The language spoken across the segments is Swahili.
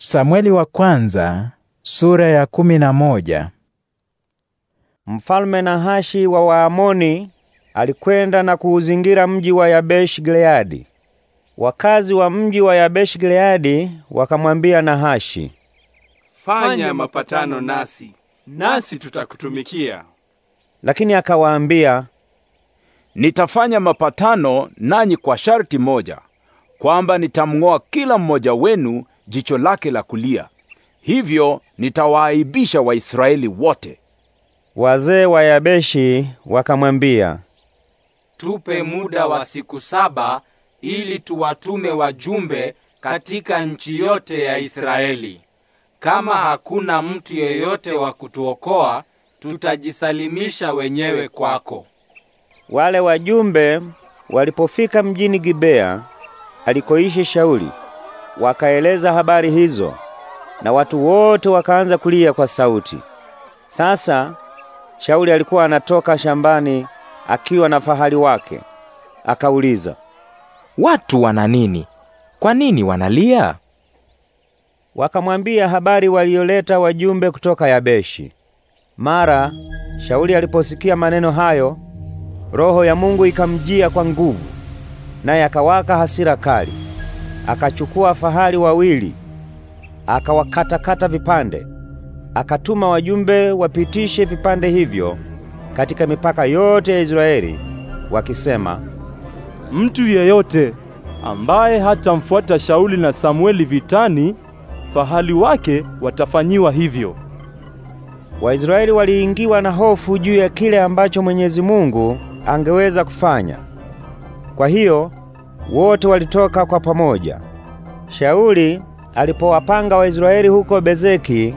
Samweli wa kwanza, sura ya kumi na moja. Mfalme Nahashi wa Waamoni alikwenda na kuuzingira mji wa Yabesh Gileadi. Wakazi wa mji wa Yabesh Gileadi wakamwambia Nahashi, fanya mapatano nasi, nasi tutakutumikia. Lakini akawaambia, nitafanya mapatano nanyi kwa sharti moja, kwamba nitamng'oa kila mmoja wenu jicho lake la kulia. Hivyo nitawaaibisha Waisraeli wote. Wazee wa Yabeshi wakamwambia, tupe muda wa siku saba ili tuwatume wajumbe katika nchi yote ya Israeli. Kama hakuna mtu yeyote wa kutuokoa, tutajisalimisha wenyewe kwako. Wale wajumbe walipofika mjini Gibea alikoishi Shauli wakaeleza habari hizo, na watu wote wakaanza kulia kwa sauti. Sasa Shauli alikuwa anatoka shambani akiwa na fahali wake, akauliza, watu wana nini? Kwa nini wanalia? Wakamwambia habari walioleta wajumbe kutoka Yabeshi. Mara Shauli aliposikia maneno hayo, roho ya Mungu ikamjia kwa nguvu, naye akawaka hasira kali. Akachukua fahali wawili akawakatakata vipande, akatuma wajumbe wapitishe vipande hivyo katika mipaka yote ya Israeli wakisema, mtu yeyote ambaye hatamfuata Shauli na Samueli vitani, fahali wake watafanyiwa hivyo. Waisraeli waliingiwa na hofu juu ya kile ambacho Mwenyezi Mungu angeweza kufanya. Kwa hiyo wote walitoka kwa pamoja. Shauli alipowapanga Waisraeli huko Bezeki,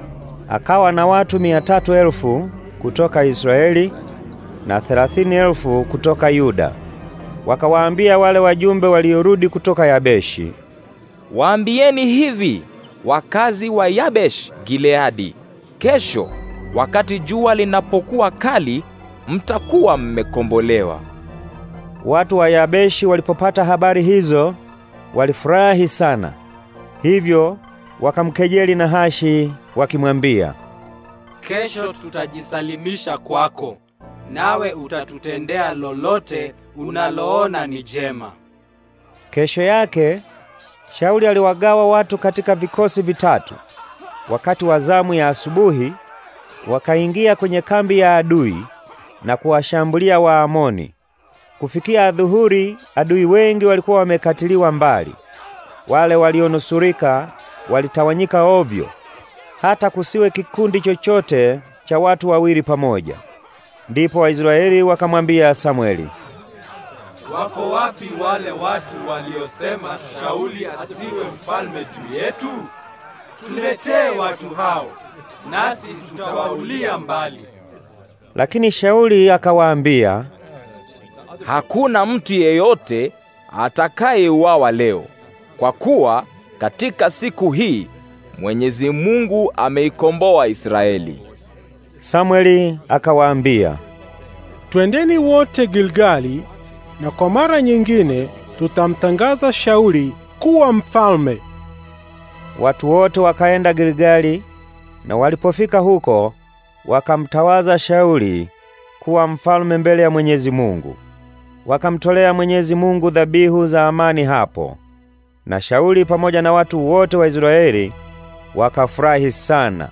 akawa na watu mia tatu elfu kutoka Israeli na thelathini elfu kutoka Yuda. Wakawaambia wale wajumbe waliorudi kutoka Yabeshi, waambieni hivi wakazi wa Yabeshi Gileadi, kesho wakati jua linapokuwa kali, mtakuwa mmekombolewa. Watu wa Yabeshi walipopata habari hizo walifurahi sana, hivyo wakamkejeli Nahashi wakimwambia, kesho tutajisalimisha kwako, nawe utatutendea lolote unaloona ni jema. Kesho yake Shauli aliwagawa watu katika vikosi vitatu. Wakati wa zamu ya asubuhi, wakaingia kwenye kambi ya adui na kuwashambulia Waamoni. Kufikia adhuhuri, adui wengi walikuwa wamekatiliwa mbali. Wale walionusurika walitawanyika ovyo, hata kusiwe kikundi chochote cha watu wawili pamoja. Ndipo Waisraeli wakamwambia Samweli, wako wapi wale watu waliosema Shauli asiwe mfalme juu yetu? Tuletee watu hao, nasi tutawaulia mbali. Lakini Shauli akawaambia hakuna mtu yeyote atakayeuawa leo, kwa kuwa katika siku hii Mwenyezi Mungu ameikomboa Israeli. Samweli akawaambia, Twendeni wote Gilgali na kwa mara nyingine tutamtangaza Shauli kuwa mfalme. Watu wote wakaenda Gilgali na walipofika huko wakamtawaza Shauli kuwa mfalme mbele ya Mwenyezi Mungu wakamtolea Mwenyezi Mungu dhabihu za amani hapo, na Shauli pamoja na watu wote wa Israeli wakafurahi sana.